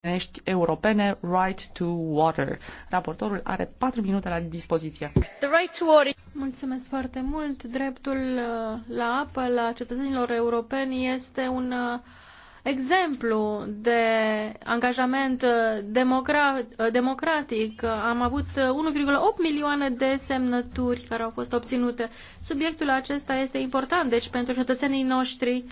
Ești europene, Right to Water. Raportorul are 4 minute la dispoziție. The right to water. Mulțumesc foarte mult. Dreptul uh, la apă la cetățenilor europeni este un uh, exemplu de angajament uh, democra- democratic. Am avut 1,8 milioane de semnături care au fost obținute. Subiectul acesta este important, deci, pentru cetățenii noștri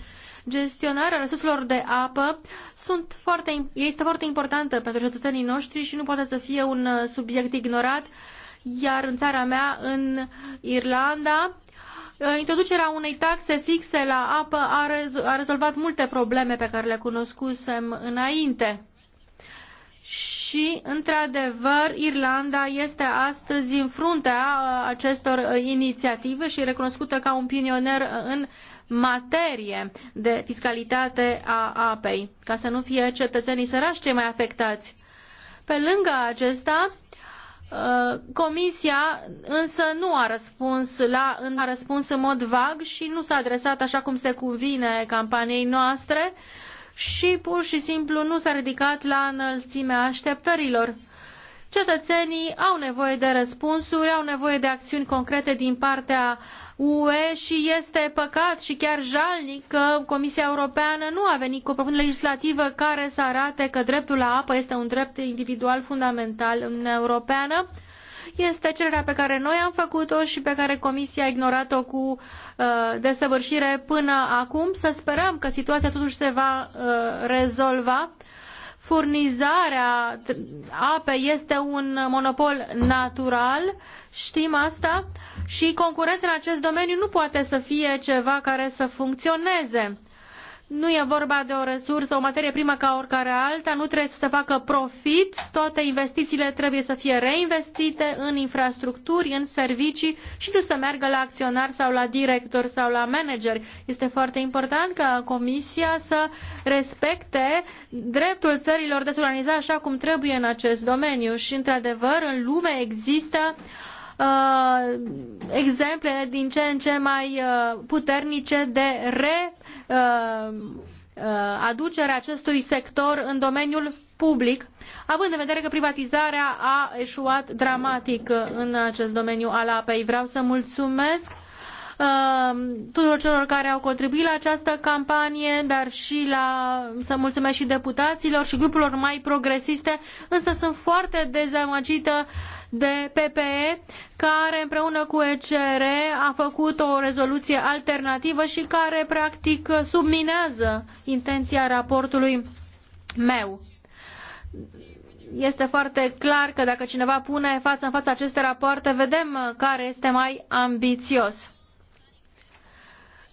gestionarea resurselor de apă sunt foarte, este foarte importantă pentru cetățenii noștri și nu poate să fie un uh, subiect ignorat, iar în țara mea, în Irlanda, uh, introducerea unei taxe fixe la apă a, a rezolvat multe probleme pe care le cunoscusem înainte. Și, într-adevăr, Irlanda este astăzi în fruntea uh, acestor inițiative și recunoscută ca un pionier în materie de fiscalitate a apei, ca să nu fie cetățenii sărași cei mai afectați. Pe lângă acesta, uh, Comisia însă nu a răspuns, la, a răspuns în mod vag și nu s-a adresat așa cum se cuvine campaniei noastre și pur și simplu nu s-a ridicat la înălțimea așteptărilor. Cetățenii au nevoie de răspunsuri, au nevoie de acțiuni concrete din partea UE și este păcat și chiar jalnic că Comisia Europeană nu a venit cu o propunere legislativă care să arate că dreptul la apă este un drept individual fundamental în Europeană. Este cererea pe care noi am făcut-o și pe care Comisia a ignorat-o cu uh, desăvârșire până acum. Să sperăm că situația totuși se va uh, rezolva furnizarea apei este un monopol natural, știm asta, și concurența în acest domeniu nu poate să fie ceva care să funcționeze nu e vorba de o resursă, o materie primă ca oricare alta, nu trebuie să se facă profit, toate investițiile trebuie să fie reinvestite în infrastructuri, în servicii și nu să meargă la acționar sau la director sau la manager. Este foarte important ca Comisia să respecte dreptul țărilor de a se organiza așa cum trebuie în acest domeniu și, într-adevăr, în lume există uh, Uh, exemple din ce în ce mai uh, puternice de re uh, uh, aducerea acestui sector în domeniul public, având în vedere că privatizarea a eșuat dramatic în acest domeniu al apei. Vreau să mulțumesc uh, tuturor celor care au contribuit la această campanie, dar și la, să mulțumesc și deputaților și grupurilor mai progresiste, însă sunt foarte dezamăgită uh, de PPE, care împreună cu ECR a făcut o rezoluție alternativă și care practic subminează intenția raportului meu este foarte clar că dacă cineva pune față în față aceste rapoarte, vedem care este mai ambițios.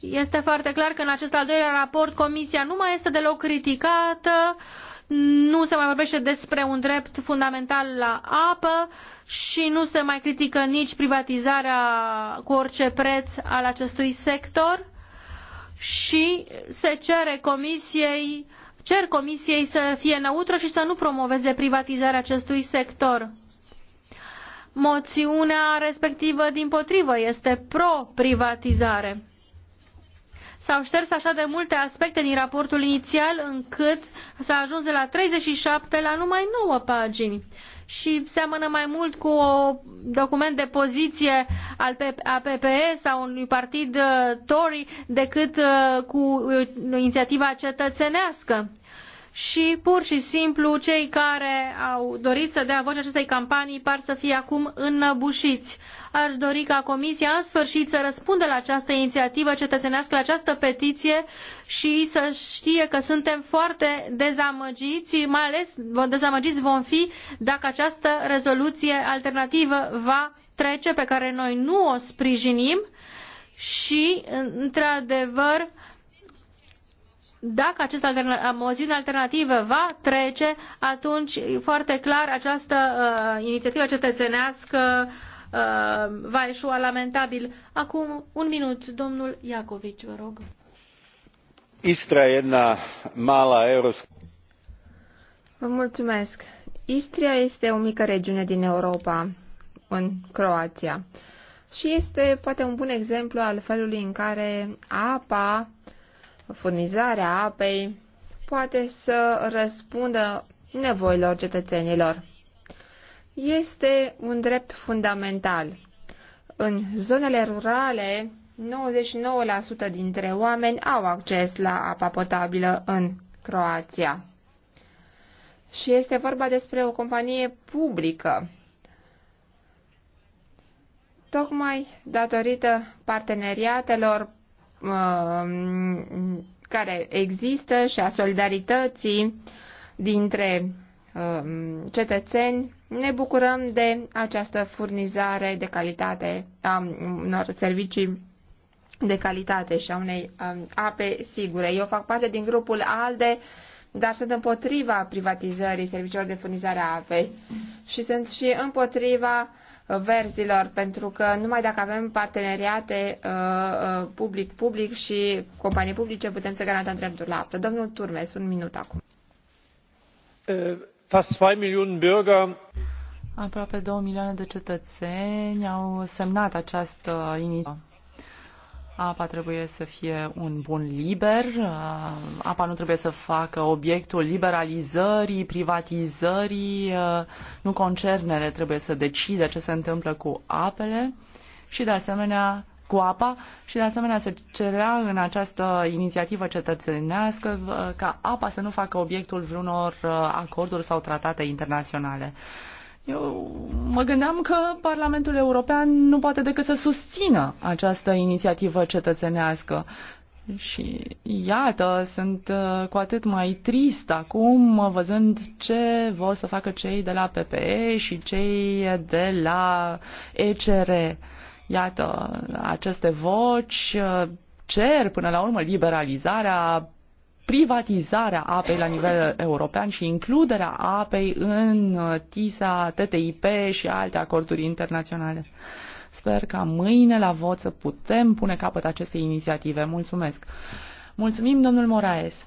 Este foarte clar că în acest al doilea raport Comisia nu mai este deloc criticată, uh, nu se mai vorbește despre un drept fundamental la apă și nu se mai critică nici privatizarea cu orice preț al acestui sector și se cere comisiei, cer comisiei să fie neutră și să nu promoveze privatizarea acestui sector. Moțiunea respectivă, din potrivă, este pro-privatizare s-au șters așa de multe aspecte din raportul inițial încât s-a ajuns de la 37 la numai 9 pagini și seamănă mai mult cu un document de poziție al PPE sau unui partid uh, Tory decât uh, cu uh, inițiativa cetățenească și pur și simplu cei care au dorit să dea voce acestei campanii par să fie acum înnăbușiți. Aș dori ca Comisia în sfârșit să răspundă la această inițiativă cetățenească, la această petiție și să știe că suntem foarte dezamăgiți, mai ales dezamăgiți vom fi dacă această rezoluție alternativă va trece, pe care noi nu o sprijinim și, într-adevăr, dacă această alterna- moțiune alternativă va trece, atunci foarte clar această uh, inițiativă cetățenească uh, va eșua lamentabil. Acum un minut, domnul Iacovici, vă rog. e mala Vă mulțumesc. Istria este o mică regiune din Europa, în Croația. Și este poate un bun exemplu al felului în care apa furnizarea apei poate să răspundă nevoilor cetățenilor. Este un drept fundamental. În zonele rurale, 99% dintre oameni au acces la apa potabilă în Croația. Și este vorba despre o companie publică. Tocmai datorită parteneriatelor Um, care există și a solidarității dintre um, cetățeni, ne bucurăm de această furnizare de calitate a unor servicii de calitate și a unei um, ape sigure. Eu fac parte din grupul ALDE, dar sunt împotriva privatizării serviciilor de furnizare a apei și sunt și împotriva uh, verzilor, pentru că numai dacă avem parteneriate uh, uh, public-public și companii publice putem să garantăm dreptul la apă. Domnul Turmes, un minut acum. Uh, fast 2 milioane Bürger Aproape 2 milioane de cetățeni au semnat această inițiativă. Apa trebuie să fie un bun liber, uh, apa nu trebuie să facă obiectul liberalizării, privatizării, uh, nu concernele trebuie să decide ce se întâmplă cu apele și de asemenea cu apa și de asemenea se cerea în această inițiativă cetățenească uh, ca apa să nu facă obiectul vreunor acorduri sau tratate internaționale. Eu mă gândeam că Parlamentul European nu poate decât să susțină această inițiativă cetățenească. Și iată, sunt uh, cu atât mai trist acum uh, văzând ce vor să facă cei de la PPE și cei de la ECR. Iată, aceste voci uh, cer până la urmă liberalizarea privatizarea apei la nivel european și includerea apei în uh, TISA, TTIP și alte acorduri internaționale. Sper ca mâine la vot să putem pune capăt acestei inițiative. Mulțumesc! Mulțumim, domnul Moraes!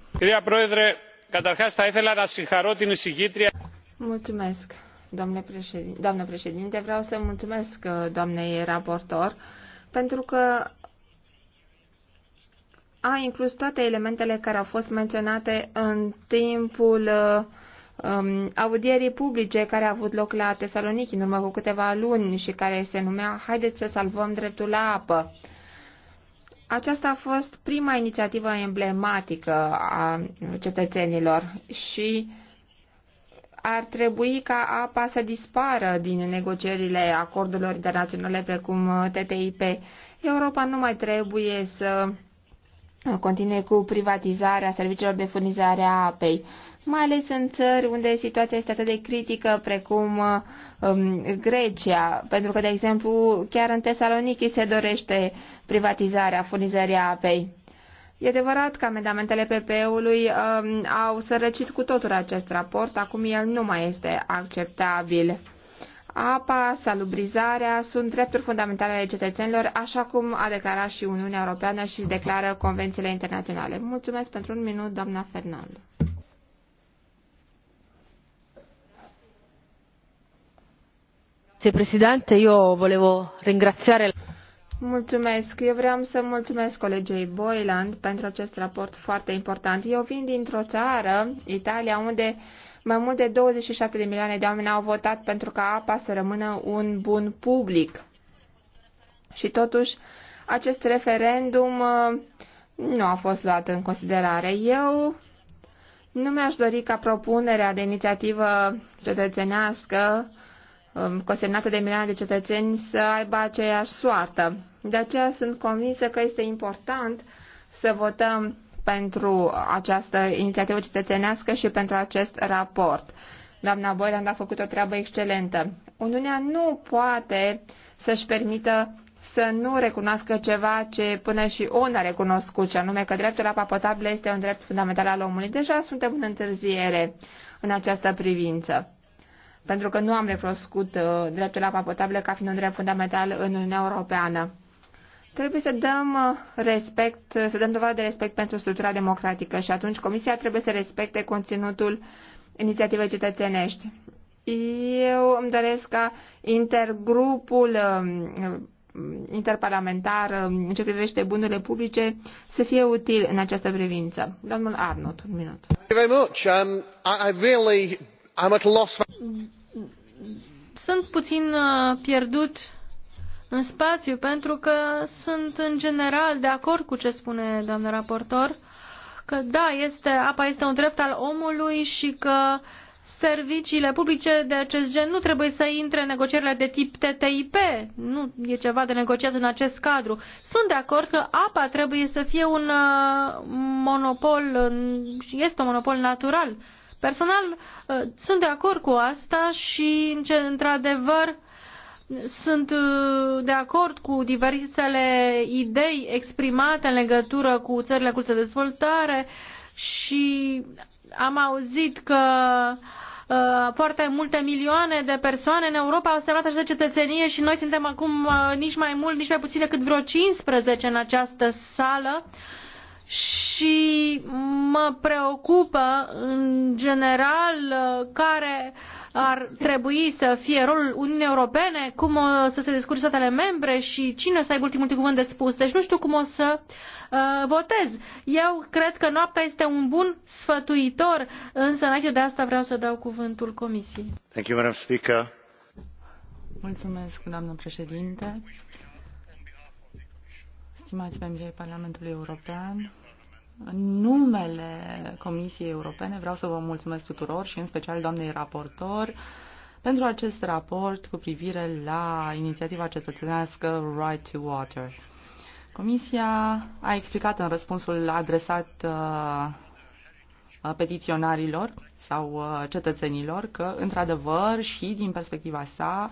Mulțumesc, domnule președinte. Doamnă președinte, vreau să mulțumesc uh, doamnei raportor pentru că a inclus toate elementele care au fost menționate în timpul uh, um, audierii publice care a avut loc la Tesaloniki în urmă cu câteva luni și care se numea Haideți să salvăm dreptul la apă. Aceasta a fost prima inițiativă emblematică a cetățenilor și ar trebui ca apa să dispară din negocierile acordurilor internaționale precum TTIP. Europa nu mai trebuie să continue cu privatizarea serviciilor de furnizare a apei, mai ales în țări unde situația este atât de critică precum um, Grecia, pentru că, de exemplu, chiar în Tesaloniki se dorește privatizarea furnizării apei. E adevărat că amendamentele PP-ului um, au sărăcit cu totul acest raport, acum el nu mai este acceptabil. Apa, salubrizarea sunt drepturi fundamentale ale cetățenilor, așa cum a declarat și Uniunea Europeană și declară convențiile internaționale. Mulțumesc pentru un minut, doamna Fernand. Grazie Presidente, eu volevo ringraziare... Mulțumesc. Eu vreau să mulțumesc colegei Boyland pentru acest raport foarte important. Eu vin dintr-o țară, Italia, unde mai mult de 27 de milioane de oameni au votat pentru ca apa să rămână un bun public. Și totuși, acest referendum uh, nu a fost luat în considerare. Eu nu mi-aș dori ca propunerea de inițiativă cetățenească um, consemnată de milioane de cetățeni să aibă aceeași soartă. De aceea sunt convinsă că este important să votăm pentru această inițiativă cetățenească și pentru acest raport. Doamna Boiland a făcut o treabă excelentă. Uniunea nu poate să-și permită să nu recunoască ceva ce până și ONU a recunoscut, și anume că dreptul la apă potabilă este un drept fundamental al omului. Deja suntem în întârziere în această privință, pentru că nu am recunoscut uh, dreptul la apă potabilă ca fiind un drept fundamental în Uniunea Europeană. Trebuie să dăm uh, respect, să dăm dovadă de respect pentru structura democratică și atunci Comisia trebuie să respecte conținutul inițiativei cetățenești. Eu îmi doresc ca intergrupul um, um, interparlamentar um, în ce privește bunurile publice să fie util în această privință. Domnul Arnott, un minut. Sunt puțin uh, pierdut în spațiu, pentru că sunt în general de acord cu ce spune doamna raportor, că da, este, apa este un drept al omului și că serviciile publice de acest gen nu trebuie să intre în negocierile de tip TTIP. Nu e ceva de negociat în acest cadru. Sunt de acord că apa trebuie să fie un uh, monopol, și este un monopol natural. Personal, uh, sunt de acord cu asta și, într-adevăr, sunt uh, de acord cu diversele idei exprimate în legătură cu țările curse de dezvoltare și am auzit că uh, foarte multe milioane de persoane în Europa au semnat această cetățenie și noi suntem acum uh, nici mai mult, nici mai puțin decât vreo 15 în această sală și mă preocupă în general care uh, ar trebui să fie rolul Uniunii Europene, cum o să se descurce statele membre și cine o să aibă ultimul cuvânt de spus. Deci nu știu cum o să uh, votez. Eu cred că noaptea este un bun sfătuitor, însă înainte de asta vreau să dau cuvântul Comisiei. Thank you, Madam Speaker. Mulțumesc, doamnă președinte. Stimați membri ai Parlamentului European, în numele Comisiei Europene vreau să vă mulțumesc tuturor și în special doamnei raportor pentru acest raport cu privire la inițiativa cetățenească Right to Water. Comisia a explicat în răspunsul adresat uh, petiționarilor sau uh, cetățenilor că, într-adevăr, și din perspectiva sa,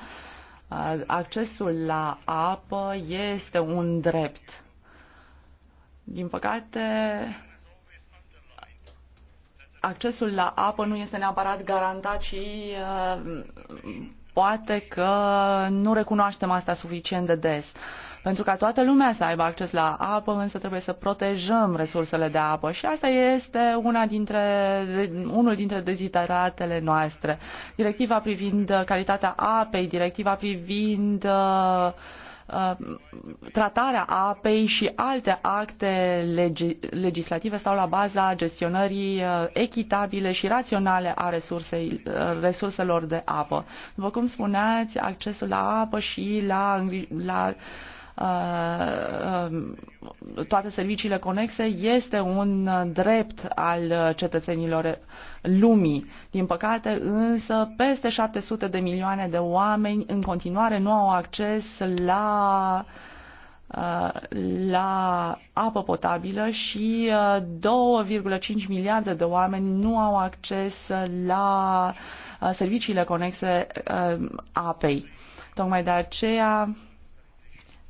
uh, accesul la apă este un drept din păcate, accesul la apă nu este neapărat garantat și uh, poate că nu recunoaștem asta suficient de des. Pentru ca toată lumea să aibă acces la apă, însă trebuie să protejăm resursele de apă și asta este una dintre, unul dintre dezideratele noastre. Directiva privind calitatea apei, directiva privind uh, Uh, tratarea apei și alte acte legislative stau la baza gestionării uh, echitabile și raționale a resursei, uh, resurselor de apă. După cum spuneați, accesul la apă și la, la Uh, uh, toate serviciile conexe este un drept al cetățenilor lumii. Din păcate, însă, peste 700 de milioane de oameni în continuare nu au acces la uh, la apă potabilă și 2,5 miliarde de oameni nu au acces la serviciile conexe apei. Tocmai de aceea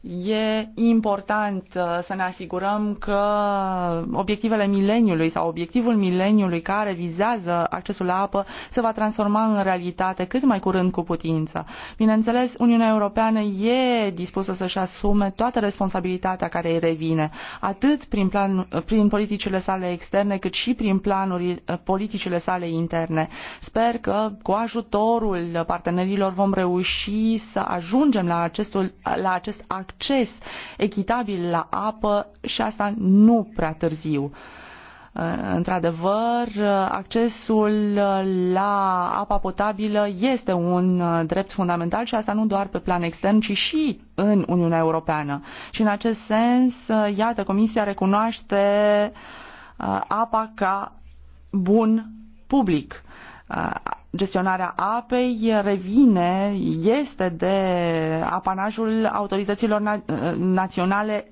e important uh, să ne asigurăm că obiectivele mileniului sau obiectivul mileniului care vizează accesul la apă se va transforma în realitate cât mai curând cu putință. Bineînțeles, Uniunea Europeană e dispusă să-și asume toată responsabilitatea care îi revine, atât prin, plan, prin politicile sale externe, cât și prin planuri, uh, politicile sale interne. Sper că cu ajutorul partenerilor vom reuși să ajungem la, acestul, la acest act acces echitabil la apă și asta nu prea târziu. Uh, într-adevăr, uh, accesul uh, la apa potabilă este un drept fundamental și asta nu doar pe plan extern, ci și în Uniunea Europeană. Și în acest sens, iată, Comisia recunoaște apa ca bun public gestionarea apei revine, este de apanajul autorităților na- naționale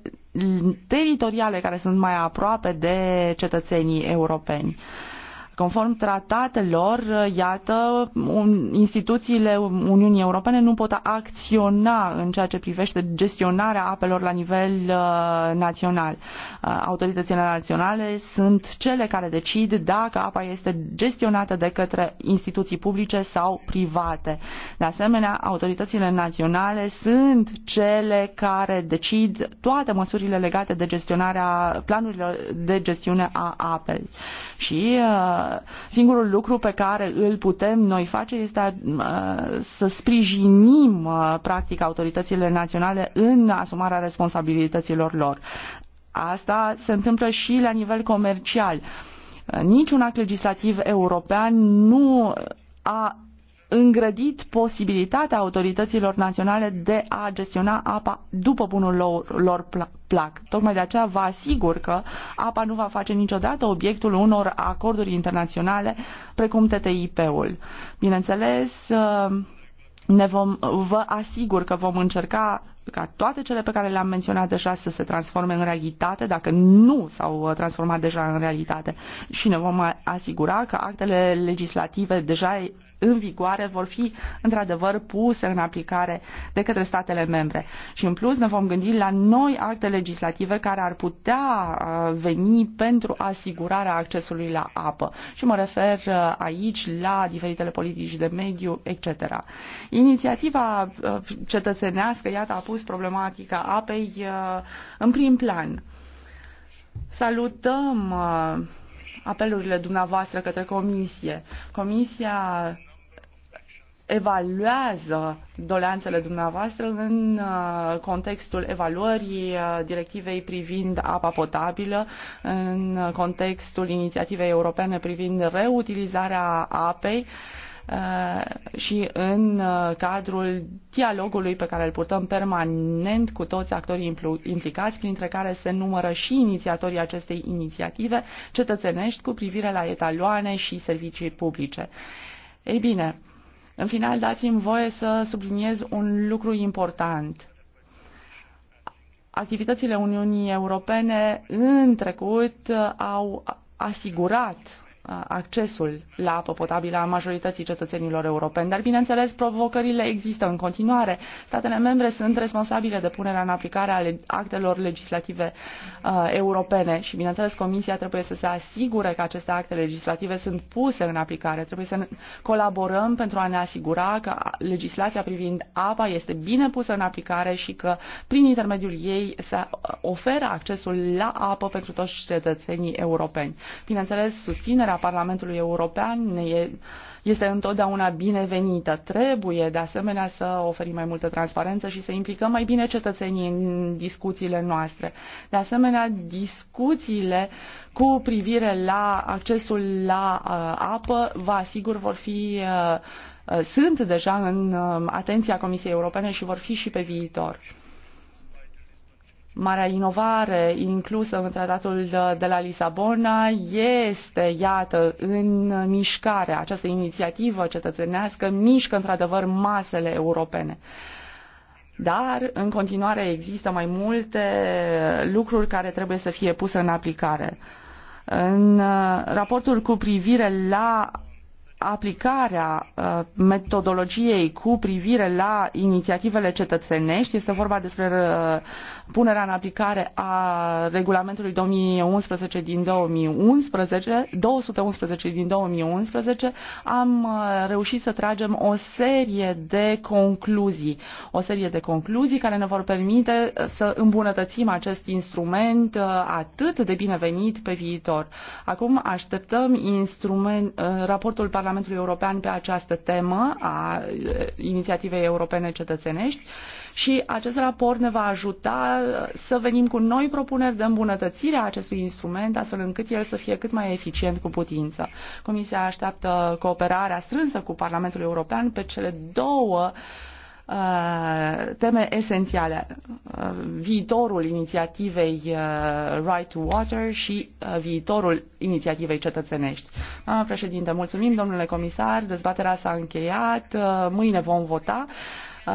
teritoriale care sunt mai aproape de cetățenii europeni. Uh, Conform tratatelor, iată, un, instituțiile Uniunii Europene nu pot acționa în ceea ce privește gestionarea apelor la nivel uh, național. Uh, autoritățile naționale sunt cele care decid dacă apa este gestionată de către instituții publice sau private. De asemenea, autoritățile naționale sunt cele care decid toate măsurile legate de gestionarea planurilor de gestiune a apelor Și uh, singurul lucru pe care îl putem noi face este să sprijinim practic autoritățile naționale în asumarea responsabilităților lor. Asta se întâmplă și la nivel comercial. Niciun act legislativ european nu a îngrădit posibilitatea autorităților naționale de a gestiona apa după bunul lor, lor plac. Tocmai de aceea vă asigur că apa nu va face niciodată obiectul unor acorduri internaționale precum TTIP-ul. Bineînțeles, ne vom, vă asigur că vom încerca ca toate cele pe care le-am menționat deja să se transforme în realitate, dacă nu s-au transformat deja în realitate. Și ne vom asigura că actele legislative deja în vigoare vor fi într-adevăr puse în aplicare de către statele membre. Și în plus ne vom gândi la noi acte legislative care ar putea uh, veni pentru asigurarea accesului la apă. Și mă refer uh, aici la diferitele politici de mediu, etc. Inițiativa uh, cetățenească, iată, a pus problematica apei în prim plan. Salutăm apelurile dumneavoastră către comisie. Comisia evaluează doleanțele dumneavoastră în uh, contextul evaluării uh, directivei privind apa potabilă, în contextul inițiativei europene privind reutilizarea apei uh, și în cadrul dialogului pe care îl purtăm permanent cu toți actorii implicați, printre care se numără și inițiatorii acestei inițiative cetățenești cu privire la etaloane și servicii publice. Ei bine, în final, dați-mi voie să subliniez un lucru important. Activitățile Uniunii Europene în trecut au asigurat accesul la apă potabilă a majorității cetățenilor europeni. Dar, bineînțeles, provocările există în continuare. Statele membre sunt responsabile de punerea în aplicare a actelor legislative uh, europene și, bineînțeles, Comisia trebuie să se asigure că aceste acte legislative sunt puse în aplicare. Trebuie să colaborăm pentru a ne asigura că legislația privind apa este bine pusă în aplicare și că, prin intermediul ei, se oferă accesul la apă pentru toți cetățenii europeni. Bineînțeles, susținerea a Parlamentului European este întotdeauna binevenită. Trebuie, de asemenea, să oferim mai multă transparență și să implicăm mai bine cetățenii în discuțiile noastre. De asemenea, discuțiile cu privire la accesul la uh, apă, vă asigur, vor fi uh, uh, sunt deja în atenția Comisiei Europene și vor fi și pe viitor. Marea inovare inclusă în tratatul de la Lisabona este, iată, în mișcare. Această inițiativă cetățenească mișcă, într-adevăr, masele europene. Dar, în continuare, există mai multe lucruri care trebuie să fie puse în aplicare. În uh, raportul cu privire la aplicarea uh, metodologiei cu privire la inițiativele cetățenești. Este vorba despre uh, punerea în aplicare a regulamentului 2011 din 2011, 211 din 2011. Am uh, reușit să tragem o serie de concluzii, o serie de concluzii care ne vor permite să îmbunătățim acest instrument atât de binevenit pe viitor. Acum așteptăm instrument, raportul Parlamentului Parlamentului European pe această temă a inițiativei europene cetățenești și acest raport ne va ajuta să venim cu noi propuneri de îmbunătățire a acestui instrument, astfel încât el să fie cât mai eficient cu putință. Comisia așteaptă cooperarea strânsă cu Parlamentul European pe cele două uh, Uh, teme esențiale. Uh, viitorul inițiativei uh, Right to Water și viitorul inițiativei cetățenești. Doamna președinte, mulțumim, domnule comisar, dezbaterea s-a încheiat, mâine vom vota.